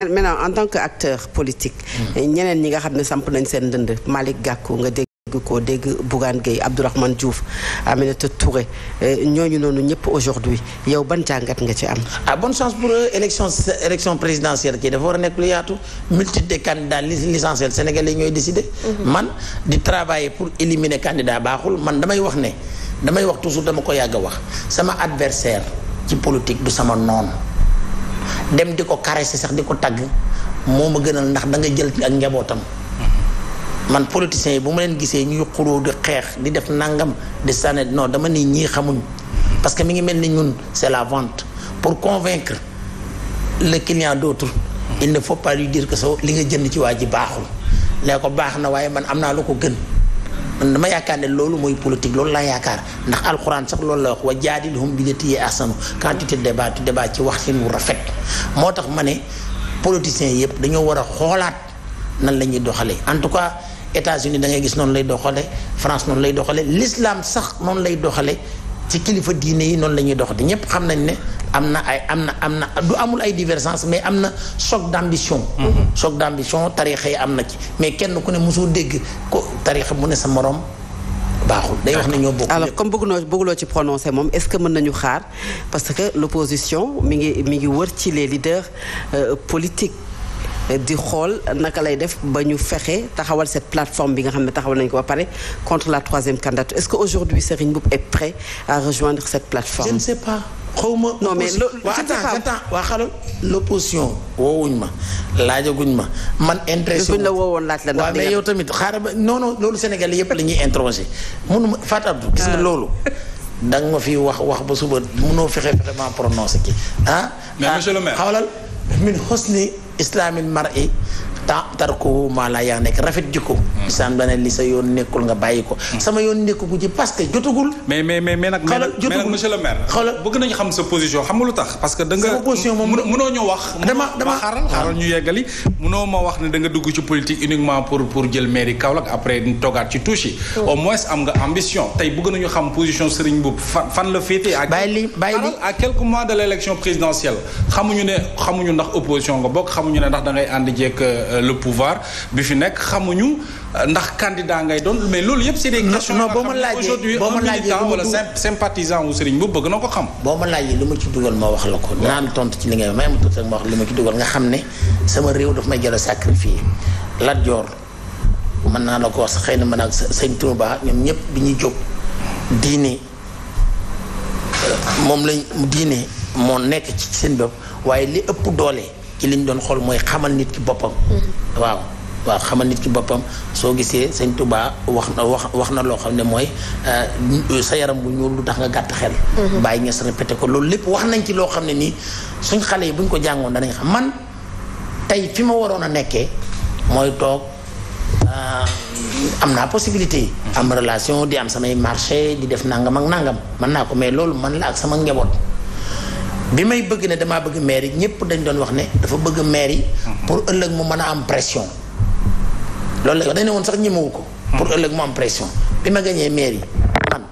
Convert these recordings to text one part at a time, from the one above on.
maintenant en tant que acteur politique ñeneen ñi nga xam ne samp nañ seen dënd Malick Gakou nga dégg ko dégg Bougane Gueye Abdourahmane Diouf Aminata Touré euh, ñooñu noonu ñëpp aujourd'hui yow ban jàngat nga ci am bon ah, bonne chance pour élection élection présidentielle kii dafa war a nekk lu yaatu multitude de candidats l'essentiel sénégalais ñooy décider mhm. man di travailler pour éliminer candidat baaxul man damay wax ne damay wax toujours dama ko yàgg a wax sama adversaire ci politique du sama noonu dem di ko caresser sax di ko tagg moo ma gënal ndax da nga jël ak njabootam. man politiciens yi bu ma leen gisee ñuy xuloo di xeex di def nangam di sànni non dama ni ñii xamuñ parce que mi ngi mel ni ñun c'est la vente pour convaincre le client d'autre il ne faut pas lui dire que so li nga jën ci waa ji baaxul lee ko baax na waaye man am naa lu ko gën man dama yaakaar ne loolu mooy politique loolu laa yaakaar ndax alxuraan sax loolu la wax wa jaadilhum billatii hiya ahsanu quand tu te débats tu débats ci waxin wu rafet moo tax ma ne politiciens yëpp dañoo war a xoolaat nan la ñuy doxalee en tout cas États-Unis da ngay gis noonu lay doxale France noonu lay doxale l'islam sax noonu lay doxale ci kilifa diine yi noonu la ñuy dox di ñëpp xam nañ ne am na ay am na am na du amul ay divergence mais am na choc d'ambition mhm. choc d'ambition tarixa yi am na ci mais kenn ku ne mosoo dégg ko tarixa mu ne sa moroom baaxul day wax nañoo ñoo comme bëggunoo bëgguloo ci prononcé moom est-ce que mën nañu xaar parce que l'opposition mi ngi mi ngi wër ci les leaders euh, politiques. Euh, di xool naka lay def ba ñu fexe taxawal cette plateforme bi nga xam ne taxawal nañu ko ba pare contre la troisième candidature est-ce que aujourd'hui Serigne Mboup est prêt à rejoindre cette plateforme xaw ma. non mais loolu waa xalal l' opposition woowuñ ma laajaguñ ma man. intéressé la woowoon laaj la waaw mais yow tamit xaaral ba non loolu Sénégal yëpp lañuy ñuy interroger mënuma Fat Abdou. gis nga ah. loolu. da ma fi wax wax ba suba mënoo fexe vraiment prononcer ki ah. mais ah, monsieur le maire xawlal min husni islamil ta tarku maa yaa nekk rafet jikko isaan hmm. dane li sa yoon nekkul nga bàyyi ko hmm. sama yoon nekkugu ci parce que mais mais mais mais nag mais nag monsieur le maire nañu xam position xam nga da nga sama position moom mënoo ñu wax pour pour jël mairie Kaolack après hmm. ñu xam position Serigne Mboup fan fan la féetee ak bàyyi li bàyyi li à quelques mois de l' élection présidentielle xamuñu ne xamuñu ndax opposition nga bokk xamuñu ne ndax da ànd jeek euh, Euh, le pouvoir bi fi nekk xamuñu euh, ndax candidat ngay doon mais loolu yëpp c'est des questions non boo ma laajee aujourd'hui un militant na ko xam boo ma laajee lu ma ci dugal ma wax la ko dinaa am tontu ci li ngay may am tontu rek ma wax lu ma ci dugal nga xam ne sama réew daf may jëla sacrifié Lat Joor mën naa la ko wax xëy na mën ak sañ Touba ñoom ñëpp bi ñuy jóg diine euh, moom lañ diine moo nekk ci seen bopp waaye li ëpp doole ci liñ doon xool mooy xamal nit ki boppam mm-hmm. waaw waaw xamal nit ki boppam soo gisee sëñ Touba wax na wax wax na loo xam ne mooy euh, sa yaram bu ñuul lu tax nga gàtt xel mm-hmm. bàyyi ngees répété ko loolu lépp wax nañ ci loo xam ne nii suñ xale yi buñ ko jàngoon danañ xam man tey fi ma waroon a nekkee mooy toog euh, am naa possibilité yi am relation di am samay marché di def nangam ak nangam mën naa ko mais loolu man la ak sama ngewoon bi may bëgg ne damaa bëgg maire yi ñëpp dañ doon wax ne dafa bëgg maire yi. pour ëllëg mu mën a am pression. loolu la wax ne woon sax ñemewu ko. pour ëllëg mu pression bi ma gañee maire yi man.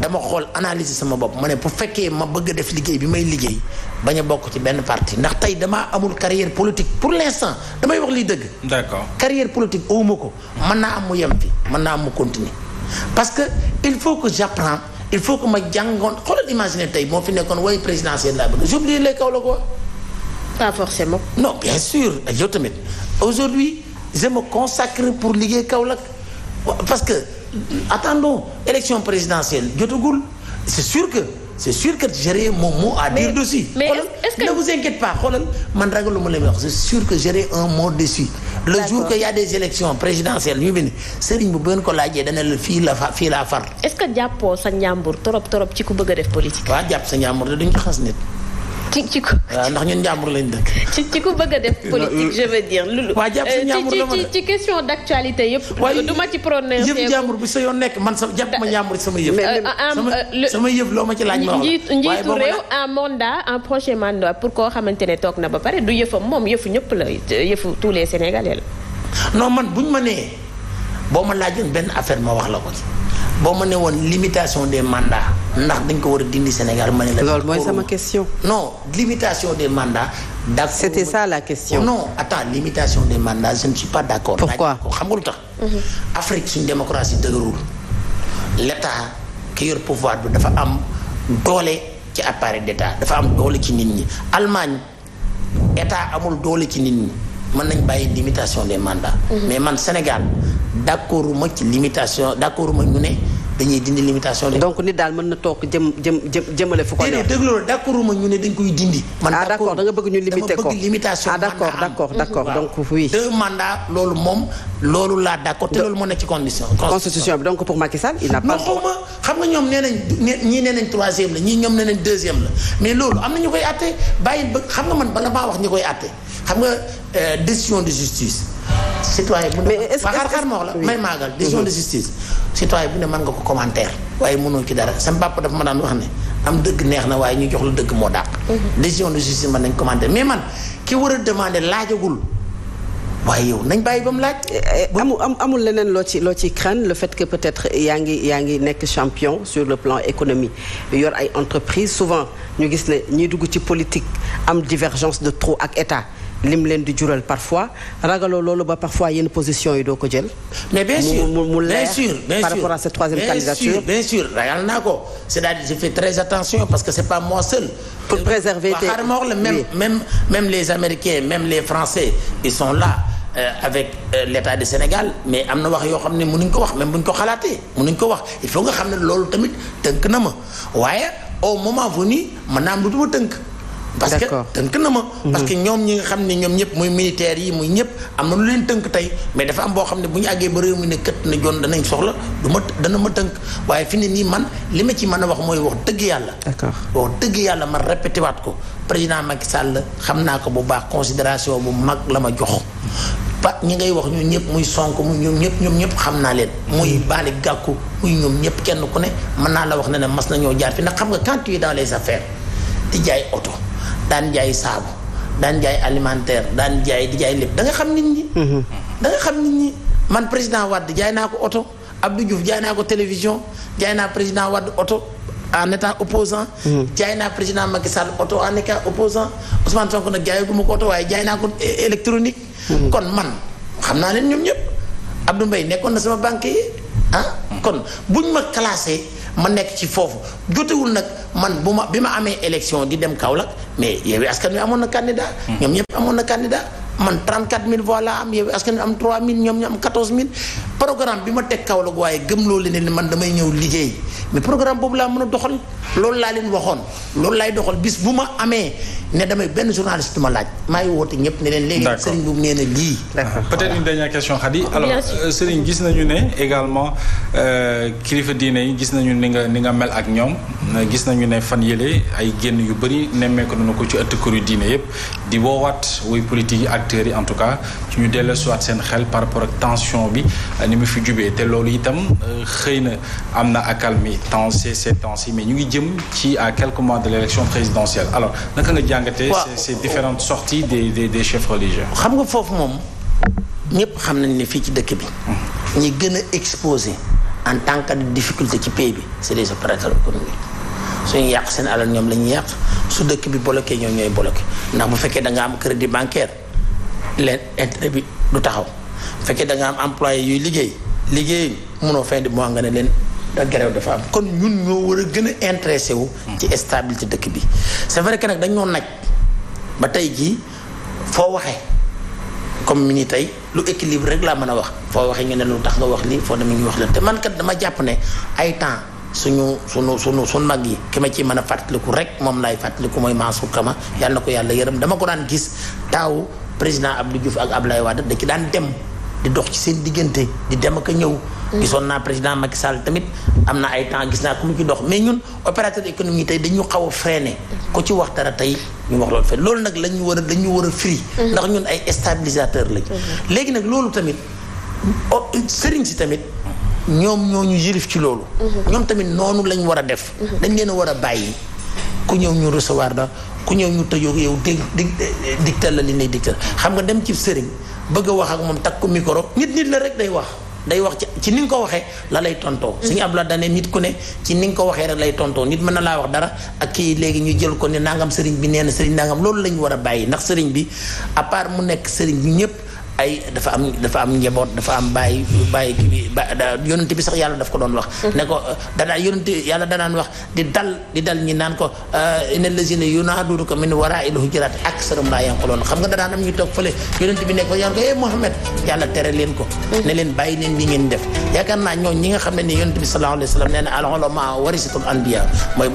dama xool analyse sama bopp ma ne bu fekkee ma bëgg def liggéey bi may liggéey bañ a bokk ci benn parti ndax tey dama amul carrière politique pour l'instant damay wax liy dëgg. d'accord carrière politique owuma ko. mën naa am mu yem fi mën naa am mu continuer parce que il faut que j'apprends il faut que ma jàngoon xoolal imaginer tey moo fi nekkoon way présidentielle laa bëgg j'oublie les Kaolack quoi. pas forcément. non bien sûr yow tamit aujourd'hui je consacre pour liggéey Kaolack parce que attendons élection présidentielle jotagul c'est sur que. c'est sûr que gérer moom moo à dire dessus. mais est-ce que ne vous inquiétez pas xoolal man ragalu ma leen wax c'est sûr que gérer un mot dessus. le jour que y a des élections présidentielles ñu bind sëriñ bu benn ko laajee dana la fii la fa fii laa far. est-ce que jàppoo sa njàmbur torop torop ci ku bëgg a def politique. waaw jàpp sa njàmbur de ko xas nit. ci ci ku. waaw ndax ñun njàmbur lañ dëkk. ci ci ko bëgg a def politique je veux dire. lulu waa jàpp si euh, njàmbur la ci ci actualité yëpp. waaye du ma ci prononcé yëpp njàmbur sa yoon nekk man sa jàpp ma njàmbur sama yëf. Euh, sama euh, sama yëf loo ma ci laaj ma wax. njiitu njiitu réew en mandat en prochain mandat pour koo xamante ne toog na ba pare du yëfam moom yëfu ñëpp la yëfu tous les sénégalais la. non man buñ ma nee. boo ma laajoon benn affaire ma wax la ko boo ma ne woon limitation des mandats ndax dañ ko war a dindi Sénégal ma ne la. loolu mooy sama question. non limitation des mandats. d'accord c'était ça la question. non limitation des mandats je ne suis pas d'accord. pourquoi xam nga lu tax. Mhm. Afrique suñu démocratie dëgërul l'État ki yor pouvoir bi dafa am doole ci appareil d'État dafa am doole ci nit ñi Allemagne État amul doole ci nit ñi mën nañ bàyyi limitation des mandats. Mhm. mais man Sénégal. d' accord ma ci limitation d' accord ma ñu ne dañuy dindi limitation. donc nit daal mën na toog jëm jëm jëm jëmale fu ko neex. dégg loolu d' accord ma ñu ne dañ koy dindi. man ah, d' accord da nga bëgg ñu limité ko dama bëgg limitation. ah d' accord d' accord d' accord donc oui. deux mandats loolu moom loolu laa d' accord te loolu moo nekk ci condition. constitution bi donc pour Macky Sall il n' a pas. xaw ma xam nga ñoom nee nañ ñii nee nañ troisième la ñii ñoom nee nañ deuxième la mais loolu am na ñu koy àtte bàyyi ba xam nga man bala maa wax ñu koy àtte xam nga euh, décision de justice citoyen bu ne ma xaar xaar moo la may maagal décision de justice citoyen bu ne mën nga ko commentaire waaye mënoo ci dara sama papa dafa ma daan wax ne am dëgg neex na waaye ñu jox lu dëgg moo dàq mhm. décision de justice mën nañ commentaire mais man ki war a demander laajagul waaye yow nañ bàyyi ba mu laaj. Eh, eh, am amul leneen loo ci loo ci craindre le fait que peut-être yaa ngi yaa ngi nekk champion sur le plan économie yor ay entreprise souvent ñu gis ne ñuy dugg ci politique am divergence de trop ak état. lim leen di jural parfois ragaloo loolu ba parfois yenn position yi doo ko jël. mais bien sûr mu bien sûr bien par rapport à cette troisième candidature bien sûr ragal naa ko c'est-à-dire je fais très attention parce que c'est pas moi seul. pour préserver tes waaw même les Américains même les Français ils sont là. Euh, avec euh, l'État du Sénégal mais am na wax yoo xam ne mënuñ ko wax même buñ ko xalaatee mënuñ ko wax il faut nga xam ne loolu tamit tënk na ma waaye au moment venu man naa am lu duma tënk. parce que tënk na ma. Mm-hmm. parce que ñoom ñi nga xam ne ñoom ñëpp muy militaires yi muy ñëpp am na lu leen tënk tey mais dafa am boo xam ne bu ñu àggee ba réew mi ne kët ne jon danañ soxla du ma dana ma tënk waaye fi ne nii man li ma ci mën a wax mooy wax dëgg yàlla. wax dëgg yàlla ma répété waat ko président Macky sàll xam naa ko bu baax considération bu mag la ma jox. pa ñi ngay wax ñu ñëpp muy sonk mu ñoom ñëpp ñoom ñëpp xam naa leen. muy mm-hmm. baali gàkku muy ñoom ñëpp kenn ku ne mën naa la wax ne ne mas nañoo jaar fi xam nga quand tu dans les affaires di jaay oto. daan jaay saabu daan jaay alimentaire daan jaay di jaay lépp danga xam nit ñi. Mhm. da xam nit ñi man président Wade jaay naa ko oto Abdou Diouf jaay naa ko télévision jaay naa président Wade oto en étant opposant mhm. jaay naa président Macky Sall oto en étant opposant Ousmane Sonko nag ma ko oto waaye jaay naa ko eh, électronique. Mhm. kon man xam naa leen ñoom ñëpp Abdou mbay nekkoon na sama banque yi ah kon buñ ma classé. ma nekk ci foofu jotewul nag man bu ma bi ma amee élection di dem Kaolack mais Yewwi Askan Wi amoon na candidat hmm. ñoom ñëpp amoon na candidat man 34000 voix laa am Yewwi Askan Wi am 3000 ñoom ñu am 14000 programme bi ma teg Kaolack waaye gëm loo leen ne man damay ñëw liggéey mais programme boobu laa mën a doxal loolu laa leen waxoon loolu laay doxal bis bu ma amee ne damay benn journaliste ma laaj maa ngi woote ñëpp ne leen léegi sëriñ bu nee na lii peut-être une dernière question Khady alors sëriñ euh, gis nañu ne également euh, kilifa diine yi gis nañu ni nga ni nga mel ak ñoom gis nañu ne fan yéle ay génn yu bëri nemmee ko nañu ko ci ëtt këru diine yëpp di woowaat wuy politique yi acteur yi en tout cas ci ñu dellu siwaat seen xel par rapport ak tension bi euh, ni mu fi jubee te loolu itam euh, xëy na am na accalmie temps ces ces temps yi mais ñu ngi jëm ci à quelques mois de l' élection présidentielle alors naka nga jàngatee ces différentes sorties des des des religieux xam nga foofu moom ñëpp xam nañ ni fii ci dëkk bi hmm. ñi gën a exposé en tant que difficulté ci pays bi c' est les opérateurs économiques suñuy yàq seen alal ñoom la ñuy yàq su dëkk bi bloqué ñoom ñooy bloqué ndax bu fekkee danga nga am crédit bancaire leen intérêt bi du taxaw bu fekkee da nga am employé yuy liggéey liggéey munoo fin du nga ne leen da grève dafa am kon ñun ñoo war a gën a intéressé wu ci stabilité dëkk bi c'est vrai que nag dañoo naj ba tey jii foo waxee comme mi ni tey lu équilibre rek laa mën a wax foo waxee ñu ne lu tax nga wax lii foo ne mi ñu wax leen te man kat dama jàpp ne ay temps suñu suñu suñu suñ mag yi ki ma ci mën a fàttaliku rek moom laay fàttaliku mooy Mansour ma yàlla na ko yàlla yërëm dama ko daan gis taaw président Abdou Diouf ak Abdoulaye Wade da ci daan dem di dox ci seen diggante di dem ak a ñëw. Mm. gisoon naa président Macky Sall tamit am na ay temps gis naa ku mu ci dox mais ñun opérateur économique tey dañu xaw a freiné. ku ci wax dara tey ñu wax loolu fii loolu nag lañ ñu war a dañ war a firi. Mm-hmm. ndax ñun ay stabilisateur lañ. Mm-hmm. léegi nag loolu tamit sëriñ si tamit. ñoom ñoo ñu yilif ci loolu. Mhm. ñoom tamit noonu lañ war a def. Mhm. dañ leen a war a bàyyi ku ñëw ñu recevoir la ku ñëw ñu tëjoo yow dé digtal la li lay digtal xam nga dem ci sëriñ bëgg a wax ak moom takk micro nit nit la rek day wax. day wax ci ni nga ko waxee la lay tontoo mhm. suñu abla dane nit ku ne ci ni nga ko waxee rek lay tontoo nit mën na laa wax dara ak kii léegi ñu jël ko ne nangam sëriñ bi nee na sëriñ nangam loolu la ñu war a bàyyi ndax sëriñ bi à part mu nekk sëriñ bi ñëpp ay dafa am dafa am njaboot dafa am bàyyi bàyyi kii bi ba yonent bi sax yàlla daf ko doon wax mm-hmm. ne ko danaa yonent yàlla danaan wax di dal di dal ñi naan ko euh, inna lazina yunaaduuka min waraa'il hujuraati aksaruhum laa yanqiluun xam nga danaan am bi nekk fa yaan ko eh leen ko mm-hmm. ne leen bàyyi leen li ngeen def yaakaar naa ñoo nga xam ne ni yonent bi sallallahu alayhi wa sallam nee na al ulamaa warisatul anbiya mooy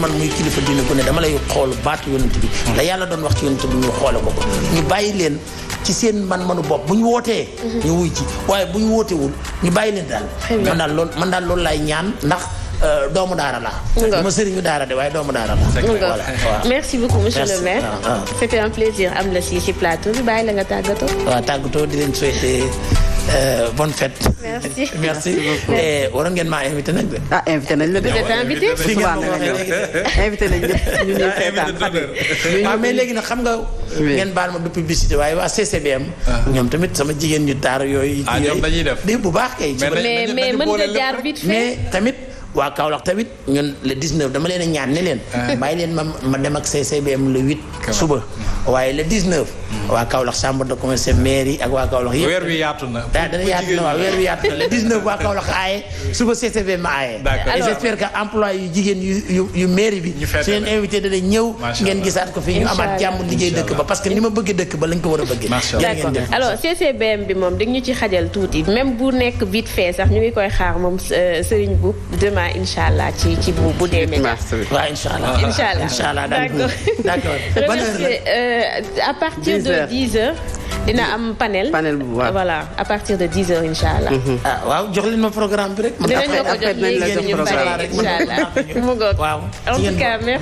man muy kilifa diine ku ne mm-hmm. la yàlla doon wax ci yonent bi ñu xoole ko ñu bàyyi leen ci seen man-manu bopp bu ñu wootee. ñu wuy ci waaye bu ñu wootewul ñu bàyyi leen daal. man daal loolu man daal loolu laay ñaan ndax. Euh, doomu daara la. nga ma sëriñu daara de waaye doomu daara la. merci beaucoup monsieur le maire. Ah, ah. c'était un plaisir am la si si plateau bi bàyyi la nga tàggatoo. waaw tàggatoo di leen souhaiter. Euh, bonne fête. merci merci. et waroon ngeen maa invité nag de. ah invité nañ la de. invité invité nañ la ah, ñu waaw ah, mais léegi nag xam nga. ngeen baal ma du publicité waaye waa CCBM. Ah. ñoom tamit sama jigéen ñu taar yooyu. ah ñoom dañuy def bu baax kay. mais mais mën nga mais tamit. waa Kaolack tamit ñun le 19 dama leen a ñaan ne leen. Ah. bàyyi leen ma ma dem ak CCBM le 8. suba waaye la 19. Hmm. waa Kaolack chambre de commerce mairie ak waa Kaolack yëpp. weer wi yaatu na. Ah, daa weer wi yaatu na le 19 waa Kaolack aaye suba CCBM aaye. d'accord et j'espère yu jigéen yu yu yu mairie bi. ñu fekk su leen invité dana ñëw. ngeen gisaat ko fii ñu amaat jàmm liggéey dëkk ba parce que ni ma bëgg dëkk ba lañ ko war a bëggee. macha allah d'accord alors CCBM bi moom dañ ñu ci xajal tuuti même bu nekk vite fait sax ñu ngi koy moom euh, Serigne Mboup événement incha allah ci ci bu bu dee. waaw incha allah incha allah d'accord euh, à partir de 10 heures. am panel. panel bu baax à partir de 10 heures incha allah. Mm-hmm. Ah, waaw jox leen ma programme bi rek. dinañ la ko jox léegi incha allah mu ngoog en tout cas